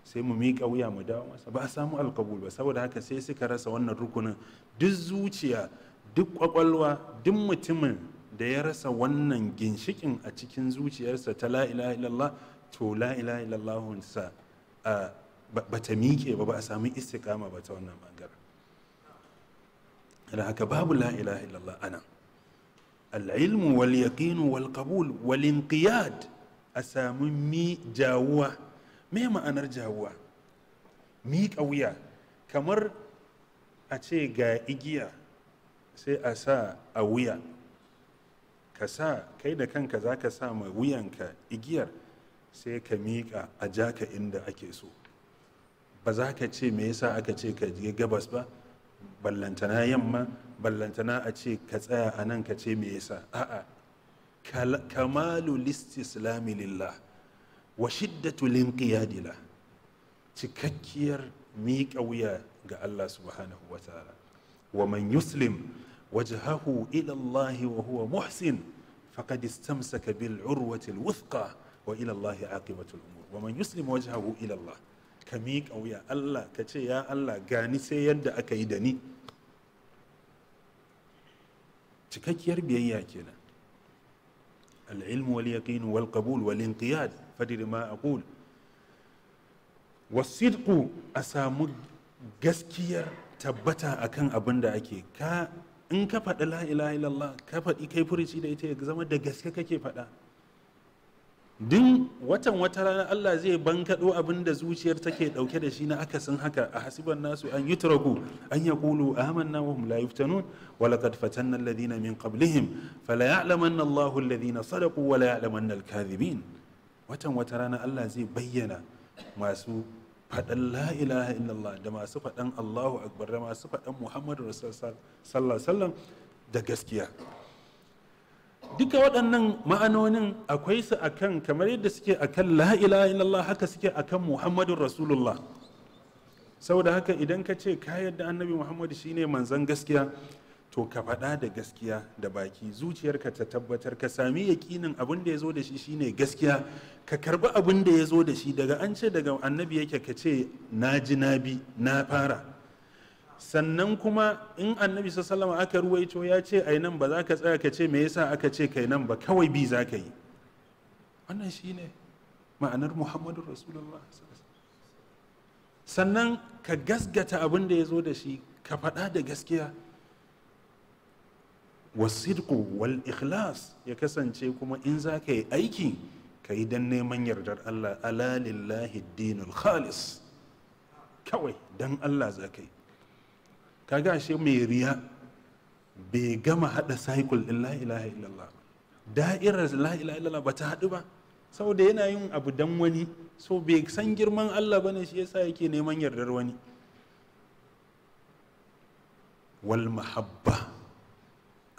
sai mu miƙa wuya mu dawo masa ba a samu alkabul ba saboda haka sai suka rasa wannan rukunin duk zuciya duk ƙwaƙwalwa duk mutumin da ya rasa wannan ginshikin a cikin zuciyarsa ta la'ila ilallah to la'ila ilallah ba ta miƙe ba ba a samu istiqama ba ta wannan bangaren da haka babu la'ila ilallah anan al'ilmu wal yaqinu wal qabul wal inqiyad a samu mi jawuwa me ma'anar jawuwa Miƙa wuya. kamar a ce ga igiya sai a sa a wuya ka sa kai da kanka za ka sa ma wuyanka igiyar sai ka miƙa a jaka inda ake so ba za ka ce me yasa aka ce ka je gabas ba Ban lantana yamma ballantana a ce ka tsaya a nan ka ce me yasa a'a kamalu listislami lillah wa shiddatu linqiyadila cikakkiyar miƙa wuya ga Allah subhanahu wa ta'ala wa man yuslim wajhahu ila Allah wa huwa muhsin faqad istamsaka bil urwati al wuthqa wa ila Allah aqibatu al umur wa man yuslim wajhahu ila Allah ka miƙa wuya Allah ka ce ya Allah gani sai yadda aka yi da ni cikakkiyar biyayya kenan العلم واليقين والقبول والانقياد فدر ما أقول wasidku a samu gaskiyar tabbata akan abinda ake ka in ka faɗi la ilaha illallah ka faɗi kai furici da ita ya zama da gaske kake faɗa din watan wata rana Allah zai bankaɗo abin da zuciyar take ɗauke da shi na akasin haka a hasiban nasu an yi turaku an ya kulu amanna wa hum la yuftanun wa laqad fatanna alladhina min qablihim fala ya'lamanna Allahu alladhina sadaqu wa la ya'lamanna al-kadhibin watan wata rana Allah zai bayyana masu faɗan la ilaha illallah da masu faɗan Allahu akbar da masu faɗan Muhammadu rasul sallallahu alaihi wasallam da gaskiya duka waɗannan ma'anonin akwai su akan kamar yadda suke akan kan ilaha haka suke akan muhammadun rasulullah saboda haka idan ka ce ka yadda annabi muhammadu shine manzan gaskiya to ka faɗa da gaskiya da baki zuciyarka ta tabbatar ka sami yaƙinin abin da ya zo da shi shine gaskiya ka karbi abin da ya zo da shi daga an ce daga annabi yake ka ce na ji na bi na fara sannan kuma in annabi sallama aka ruwaito ya ce ai nan ba za ka tsaya ka ce me yasa aka ce kai nan ba kawai bi za ka yi wannan ne ma'anar muhammadu rasulullah sannan ka gasgata abin da ya zo da shi ka faɗa da gaskiya wasidku wal ikhlas ya kasance kuma in za ka yi aiki ka yi don neman yardar allah ala lillahi dinul khalis kawai don allah za ka yi kaga ashe mai riya bai gama hada cycle din la ilaha illallah da'irar la ilaha illallah ba ta hadu ba saboda yana yin abu dan wani so bai san girman Allah bane shi yasa yake neman yardar wani wal mahabba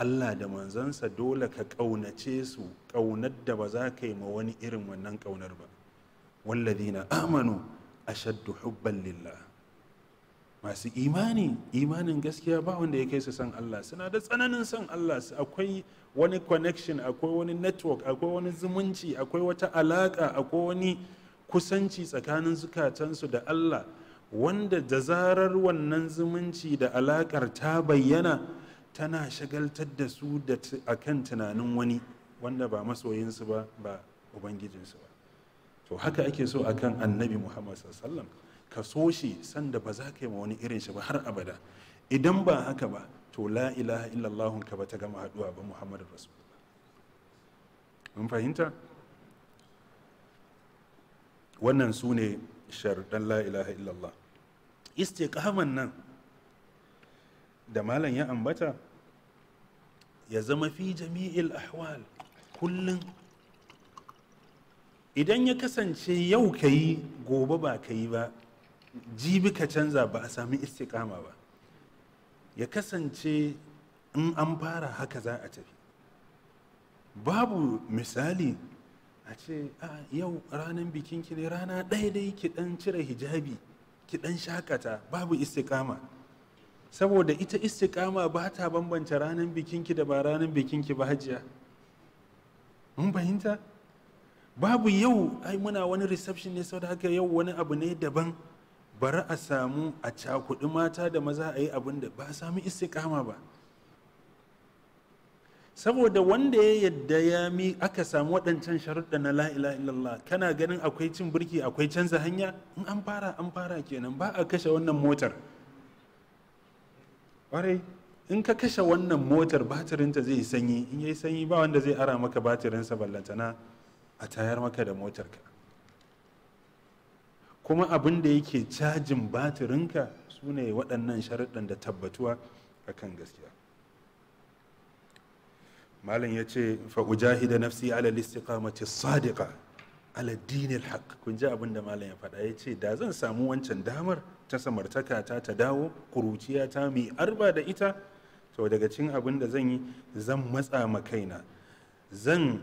Allah da manzansa dole ka kaunace su kaunar da ba za ka yi ma wani irin wannan kaunar ba wallazina amanu ashaddu hubban lillah masu imani imanin gaskiya ba wanda ya kai su san Allah suna da tsananin san Allah akwai wani connection akwai wani network akwai wani zumunci akwai wata alaka akwai wani kusanci tsakanin zukatansu da Allah wanda da zarar wannan zumunci da alakar ta bayyana tana shagaltar da su da kan tunanin wani wanda ba masoyinsu ba ba ubangijinsu ba to haka ake so akan annabi muhammad sallallahu alaihi ka so shi sanda ba za ka yi ma wani irin shi ba har abada idan ba haka ba to la ilaha illallah ka ba ta gama haduwa ba muhammadu rasulullah mun fahimta wannan su ne sharuɗan la ilaha illallah istiqaman nan da malam ya ambata ya zama fi jami'il ahwal kullum idan ya kasance yau ka yi gobe ba ka yi ba jibi ka canza ba a sami istikama ba ya kasance in an fara haka za a tafi babu misali a ce a yau ranar bikin ki ne rana ɗaya dai ki ɗan cire hijabi ki ɗan shakata babu istikama. saboda ita istikama ba ta bambanta ranar bikinki da ba ranar bikinki ba hajiya mun fahimta babu yau ai muna wani reception ne saboda haka yau wani abu ne daban bari a samu a cakuɗi mata da maza a yi abin da ba a sami istiƙama ba saboda wanda ya yadda ya mi aka samu waɗancan sharuɗa na la'ila illallah kana ganin akwai cin birki akwai canza hanya in an fara an fara kenan ba a kashe wannan motar ƙwarai in ka kashe wannan motar batirinta zai sanyi in yi sanyi ba wanda zai ara maka batirinsa ballantana a tayar maka da motarka kuma abin da yake cajin batirinka su ne waɗannan sharaɗin da tabbatuwa a kan gaskiya malam ya ce fa'ujahi da nafsi ala mace sadiqa ala dinil haq kun ji abin da malam ya faɗa ya ce da zan samu wancan damar ta samartaka ta ta dawo kuruciya ta mai arba da ita to daga cin abin da zan yi zan matsa ma kaina zan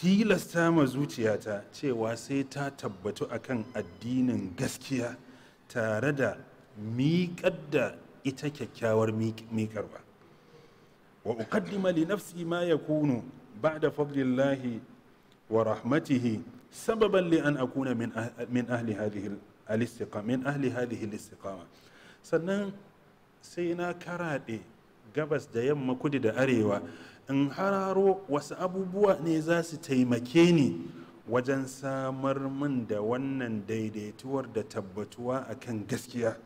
tilasta ma zuciyata cewa sai ta tabbatu akan addinin gaskiya tare da miƙar da ita kyakkyawar miƙarwa wa uqaddima li nafsi ma yakunu ba'da fadlillahi wa rahmatihi sababan li an akuna min ah-, ahli hadhihi al min ahli hadhihi al-istiqama sannan sai na karaɗe gabas da yamma kudu da arewa in hararo wasu abubuwa ne za su taimake ni wajen samar min da wannan daidaituwar da tabbatuwa a kan gaskiya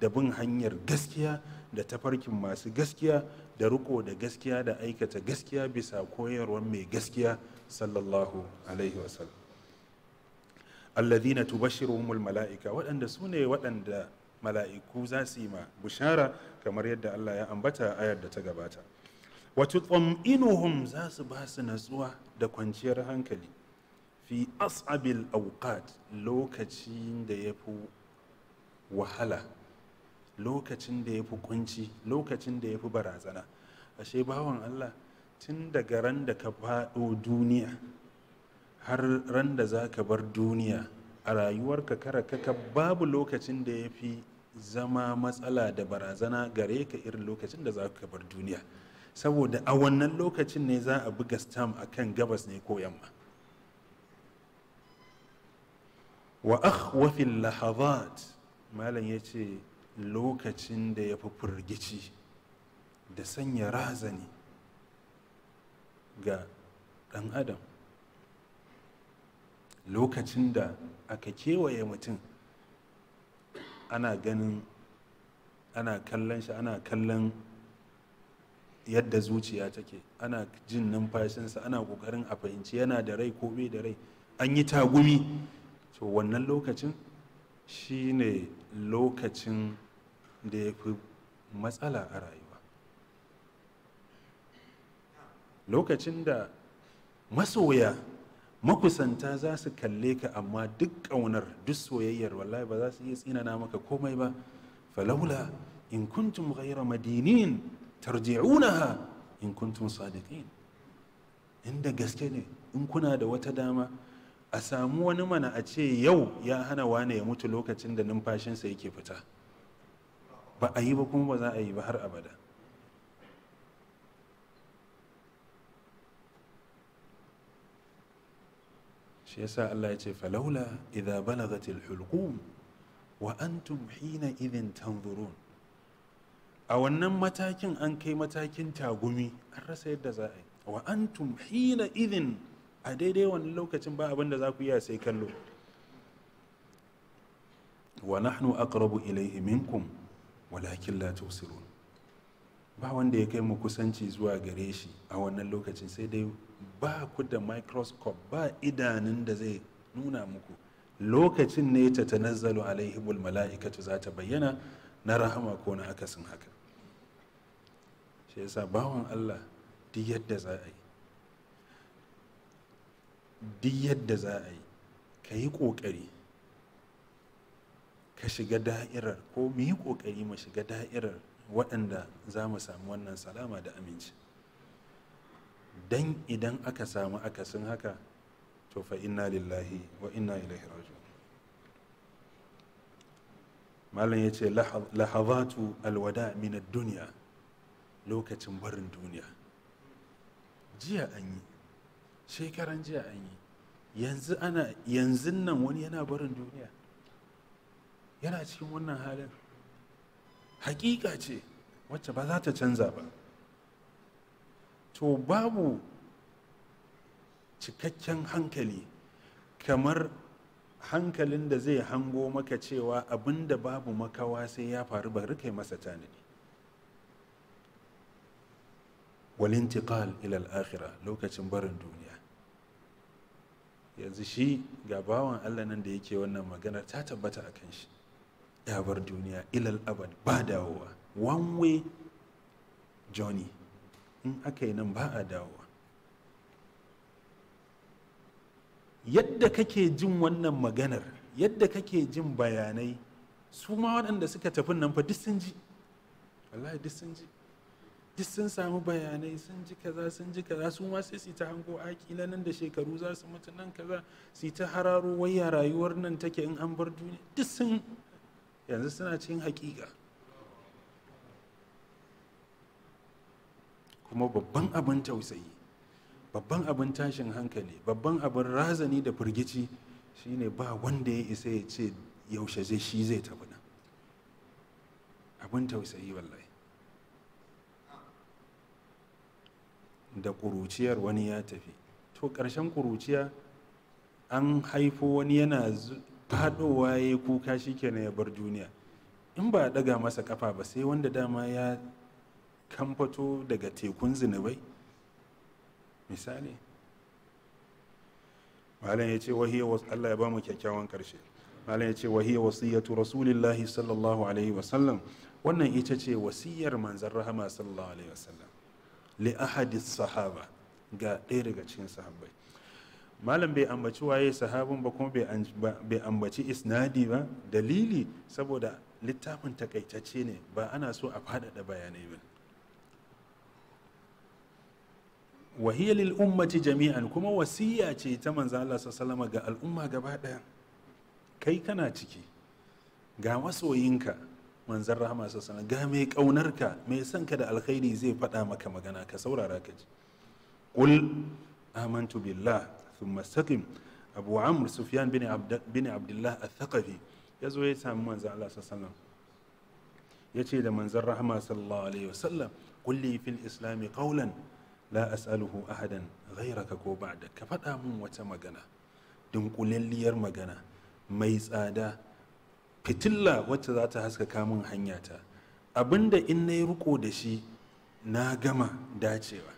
da bin hanyar gaskiya da tafarkin masu gaskiya da riko da gaskiya da aikata gaskiya bisa koyarwar mai gaskiya sallallahu alaihi wasallam alladhina tubashshiruhumul waɗanda su ne waɗanda mala'iku za su yi ma bushara kamar yadda Allah ya ambata ayar da ta gabata wato tsam'inuhum za su ba su natsuwa da kwanciyar hankali fi as'abil aukat lokacin da ya fi wahala lokacin da ya fi kunci lokacin da ya fi barazana ashe bawan allah tun daga ran da ka faɗo duniya har ran da za ka bar duniya a rayuwarka kara kaka babu lokacin da ya fi zama matsala da barazana gare ka irin lokacin da za ka bar duniya saboda a wannan lokacin ne za a buga stam a kan gabas ne ko yamma wa akhwafin lahazat malam ya ce lokacin da ya fi firgici da sanya razani ga ɗan adam lokacin da aka kewaye mutum ana ganin ana kallon shi ana kallon yadda zuciya take ana jin numfashinsa ana ƙoƙarin a fahimci yana da rai ko bai da rai an yi tagumi to wannan lokacin shi ne lokacin da ya fi matsala a rayuwa lokacin da masoya makusanta za su kalle ka amma duk ƙaunar duk soyayyar wallahi ba za su iya tsinana maka komai ba falaula in kuntum ghayra madinin tarji'unaha in kuntum sadiqin inda gaske ne in kuna da wata dama a samu wani mana a ce yau ya hana wane ya mutu lokacin da numfashinsa yake fita ba a yi ba kuma ba za a yi ba har abada shi yasa Allah ya ce falaula idza balagatil hulqum wa antum hina idhin tanzurun a wannan matakin an kai matakin tagumi an rasa yadda za a yi wa antum hina idin a daidai wani lokacin ba abin za ku iya sai kallo wa nahnu aqrabu ilayhi minkum walakin la tusirun ba wanda ya kai mu kusanci zuwa gare shi a wannan lokacin sai dai ba ku da microscope ba idanun da zai nuna muku lokacin ne ta tanazzalu alaihimul mala'ikatu za ta bayyana na rahama ko na akasin haka shi yasa bawan Allah duk yadda za a yi duk yadda za a yi ka yi ƙoƙari ka shiga da'irar ko mu yi ƙoƙari mu shiga da'irar waɗanda za mu samu wannan salama da aminci don idan aka samu akasin haka to fa inna lillahi wa inna ilaihi raji'un malam ya ce lahazatu alwada min duniya lokacin barin duniya jiya an yi shekaran jiya an yi yanzu ana yanzu nan wani yana barin duniya yana cikin wannan halin hakika ce wacce ba za ta canza ba to babu cikakken hankali kamar hankalin da zai hango maka cewa abinda babu makawa sai ya faru bari kai masa tanadi walintiqal ilal akhira lokacin barin duniya yanzu shi ga bawan Allah nan da yake wannan magana ta tabbata a kan shi ya bar duniya ilal abad ba dawowa one way journey in aka yi nan ba a dawowa yadda kake jin wannan maganar yadda kake jin bayanai su ma waɗanda suka tafi nan fa duk sun ji wallahi duk sun ji duk sun samu bayanai sun ji kaza sun ji kaza su ma sai su ta hango akila nan da shekaru za su mutu nan kaza su ta hararo waya rayuwar nan take in an bar duniya duk sun yanzu suna cikin hakika kuma babban abin tausayi babban abin tashin hankali babban abin razani da firgici shine ba wanda ya isa ya ce yaushe zai shi zai tafi nan abin tausayi wallahi da ƙuruciyar wani ya tafi to ƙarshen ƙuruciya an haifo wani yana faɗowa ya kuka shi kenan ya bar duniya in ba a ɗaga masa ƙafa ba sai wanda dama ya kamfato daga tekun zinubai misali malam ya ce wahiyya wasu allah ya ba mu kyakkyawan ƙarshe malam ya ce tura wasiyatu rasulillahi sallallahu alaihi wasallam wannan ita ce wasiyyar manzan rahama sallallahu alaihi wasallam li ahadi sahaba ga ɗaya daga cikin sahabbai malam bai ambaci waye sahabin ba kuma bai ambaci isnadi ba dalili saboda littafin takaitacce ne ba ana so a faɗaɗa bayanai ba wahiyya lil ummati jami'an kuma wasiya ce ta manzo Allah sallallahu ga al'umma gaba ɗaya kai kana ciki ga masoyinka manzan rahama sassana ga mai ƙaunarka mai son ka da alkhairi zai faɗa maka magana ka saurara ka ji ƙul amantu billah thumma abu amr sufyan bin abdullah al-thaqafi ya zo ya sami manzan allah sassana ya ce da manzan rahama sallallahu alaihi wasallam kulli fil islami qawlan la as'aluhu ahadan ghairaka ko ba'da ka faɗa min wata magana dunkulalliyar magana mai tsada fitilla wacce za ta haskaka min hanyata abinda in na yi riko da shi na gama dacewa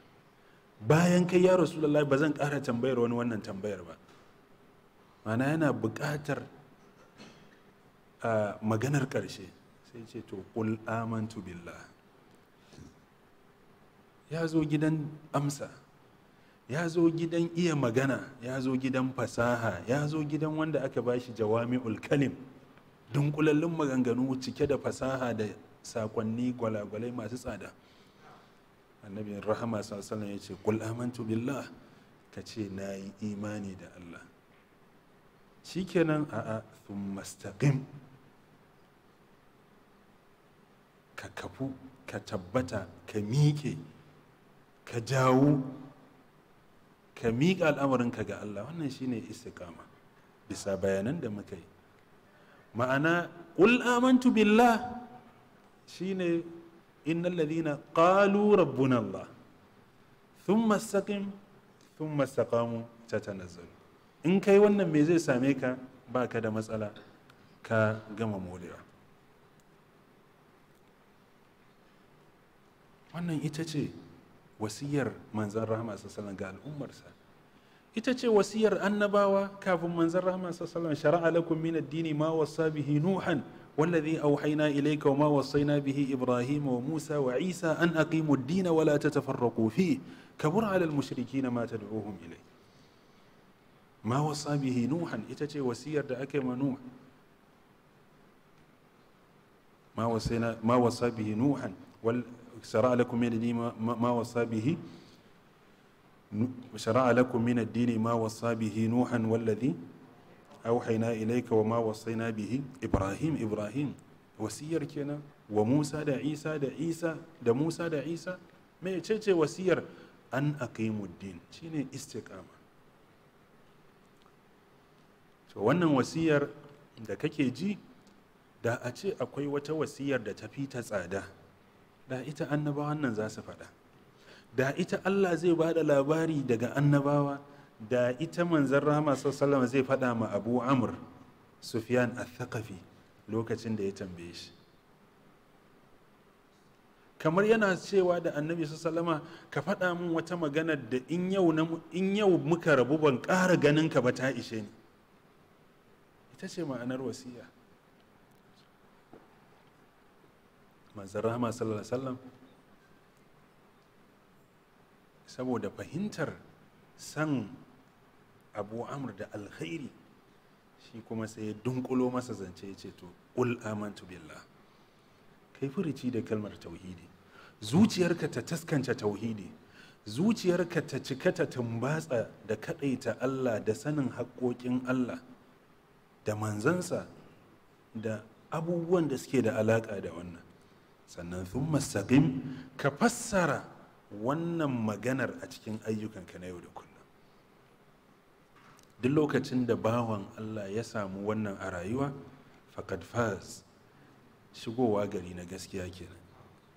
bayan kai ya rasulallah ba zan ƙara tambayar wani wannan tambayar ba mana yana buƙatar maganar ƙarshe sai ce to ƙul amantu billah ya zo gidan amsa ya zo gidan iya magana ya zo gidan fasaha ya zo gidan wanda aka bashi jawami'ul kalim dunkulallun maganganu cike da fasaha da sakonni gwalagwalai masu tsada annabi rahama sassana ya ce qul amantu ka ce na yi imani da Allah shikenan a'a sun istaqim ka kafu ka tabbata ka miƙe ka jawo ka miƙa al'amarinka ga Allah wannan shine istiqama bisa bayanan da muka yi ma'ana qul amantu billah shine innal ladina qalu rabbuna allah thumma istaqim thumma istaqamu tatanazzalu in kai wannan me zai same ka baka da matsala ka gama molewa wannan ita ce wasiyar manzon rahama sassanin ga al'ummarsa ita ce wasiyar annabawa kafin manzan rahama sassalon shara'a lakum min addini ma wasa bihi nuhan wallazi auhayna ilayka wa wasaina bihi musa wa isa an aqimu ad-dina wa la tatafarraqu fi kabur ala al-mushrikeen ma tad'uuhum ilay ita ce wasiyar da ake ma nuh ma wasaina ma wasa شرع لكم من الدين ما وصى به نوحا والذي أوحينا إليك وما وصينا به wasiyar kenan wa musa da isa da isa da musa da isa mai cece wasiyar an aqimuddin shine istiqama to wannan wasiyar da kake ji da a ce akwai wata wasiyar da tafi ta tsada da ita annabawan nan za su faɗa da ita Allah zai ba da labari daga annabawa da ita manzan rama sallama zai faɗa ma abu amur sufyan a thakafi lokacin da ya tambaye shi kamar yana cewa da annabi sallama ka faɗa min wata magana da in yau muka rabu ban ƙara ganinka ba ta ishe ni ita ce ma'anar wasiya manzan rama sallallahu saboda fahimtar san abu amur da alkhairi shi kuma sai ya dunkulo masa zance ya ce to ul amantu billah kai furici da kalmar tauhidi zuciyarka ta taskance tauhidi zuciyarka ta cika ta tumbatsa da kadaita Allah da sanin haƙoƙin Allah da manzansa da abubuwan da suke da alaƙa da wannan sannan sun masaƙin ka fassara wannan maganar a cikin ayyukanka na yau da kullum duk lokacin da bawan allah ya samu wannan a rayuwa faƙad faz shigowa gari na gaskiya kenan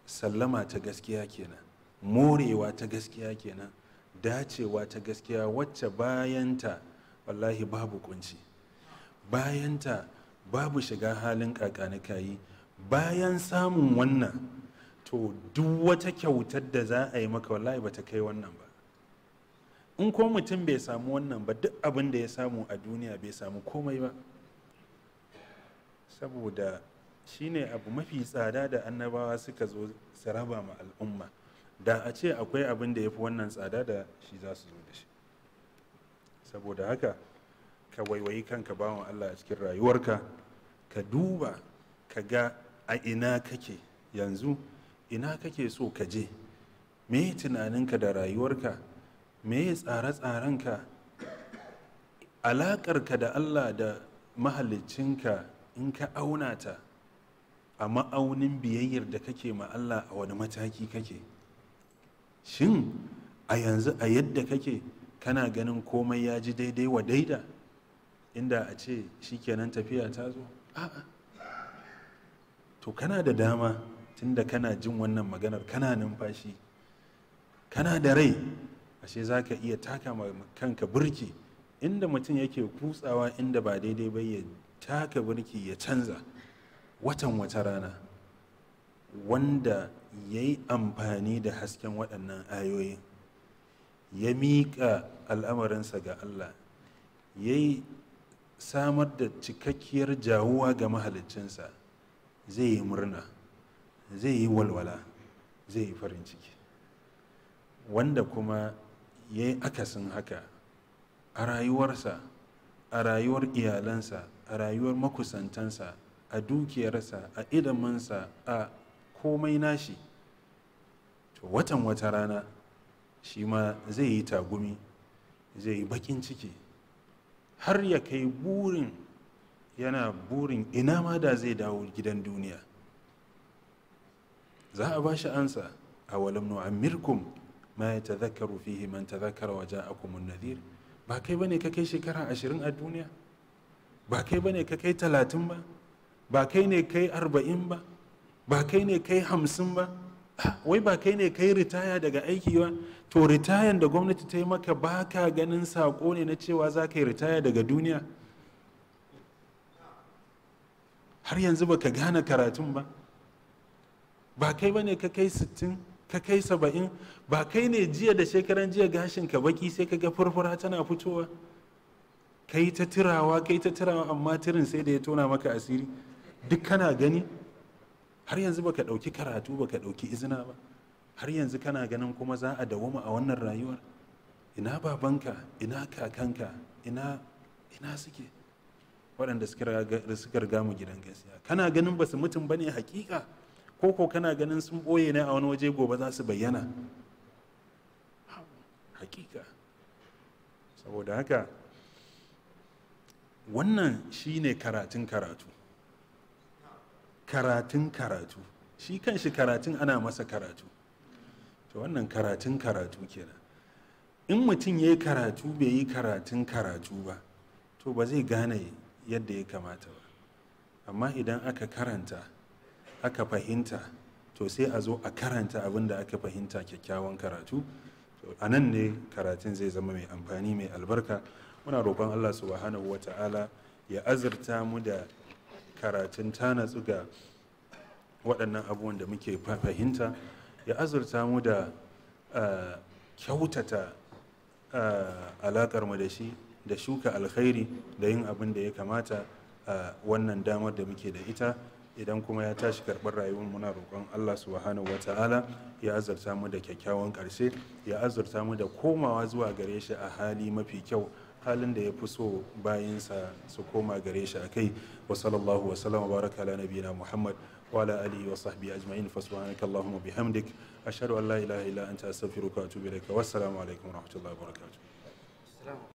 sallama ta gaskiya kenan morewa ta gaskiya kenan dacewa ta gaskiya wacce bayanta wallahi babu kunci bayanta babu shiga halin kakanikayi bayan samun wannan to duk wata kyautar da za a yi maka wallahi ba ta kai wannan ba in ko mutum bai samu wannan ba duk abin da ya samu a duniya bai samu komai ba saboda shi ne abu mafi tsada da annabawa suka zo su ma al'umma da a ce akwai abin da ya fi wannan tsada da shi za su zo da shi saboda haka ka waiwayi kanka bawan allah a cikin rayuwarka ka duba ka ga a ina kake yanzu ina kake so ka je me tunaninka da rayuwarka me tsare-tsarenka alaƙarka da allah da mahalicinka in ka auna ta a ma'aunin biyayyar da kake ma allah a wani mataki kake shin a yanzu a yadda kake kana ganin komai ya ji daidai wa daida inda a ce shikenan tafiya ta zo a'a to kana da dama tunda kana jin wannan maganar kana numfashi kana da rai ashe za ka iya taka kanka birki inda mutum yake kutsawa inda ba daidai bai ya taka birki ya canza watan wata rana wanda ya yi amfani da hasken waɗannan ayoyin ya miƙa al'amarinsa ga Allah ya yi samar da cikakkiyar jawuwa ga mahaliccinsa zai yi murna zai yi walwala zai yi farin ciki wanda kuma ya yi akasin haka a rayuwarsa a rayuwar iyalansa a rayuwar makusantansa a dukiyarsa a idamansa a komai nashi to watan wata rana shi ma zai yi tagumi zai yi bakin ciki har ya kai burin yana burin ina ma da zai dawo gidan duniya za a ba shi ansa a walam nu'ammirkum ma yatadhakkaru fihi man tadhakkara wa ja'akum an-nadhir ba kai bane ka kai shekara ashirin a duniya ba kai bane ka kai talatin ba ba kai ne kai arba'in ba ba kai ne kai hamsin ba ah, wai ba kai ne kai ritaya daga aiki ba to ritayan da gwamnati ta yi maka ba ka ganin saƙo ne na cewa za ka yi ritaya daga duniya har yanzu ba ka gane karatun ba ba kai bane ka kai sittin ka kai saba'in ba kai ne jiya da shekaran jiya gashin ka baki sai ka ga furfura tana fitowa kai ta tirawa kai ta tirawa amma tirin sai da ya tona maka asiri duk kana gani har yanzu baka ɗauki karatu baka ɗauki izina ba har yanzu kana ganin kuma za a dawoma a wannan rayuwar ina babanka ina kakanka ina ina suke waɗanda suka riga mu gidan gaskiya kana ganin basu mutum bane hakika Koko kana ganin sun ɓoye ne a wani waje gobe za su bayyana hakika saboda haka wannan shi ne karatun karatu karatun karatu shi kan shi karatun ana masa karatu to wannan karatun karatu kenan in mutum ya yi karatu bai yi karatun karatu ba to ba zai gane yadda ya kamata ba amma idan aka karanta aka fahimta to sai a zo a karanta abin da aka fahimta kyakkyawan karatu a nan ne karatun zai zama mai amfani mai albarka muna roƙon allah subhanahu wa ta'ala ya azurta mu da karatun tana ga waɗannan abubuwan da muke fahimta ya azurta mu da ah, kyautata ah, alaƙar mu da shi da shuka alkhairi da yin abin da ya kamata ah, wannan damar da muke da ita idan kuma ya tashi karɓar rayuwar muna roƙon Allah subhanahu wata'ala ya azurta mu da kyakkyawan ƙarshe ya azurta mu da komawa zuwa gare shi a hali mafi kyau halin da ya fi so bayansa su koma gare shi a kai wa sallallahu wa sallama baraka ala nabiyina muhammad wa ala alihi wa sahbihi ajma'in fa subhanaka allahumma bihamdik ashhadu an la ilaha illa anta astaghfiruka wa atubu ilaik wa assalamu alaikum wa rahmatullahi wa barakatuh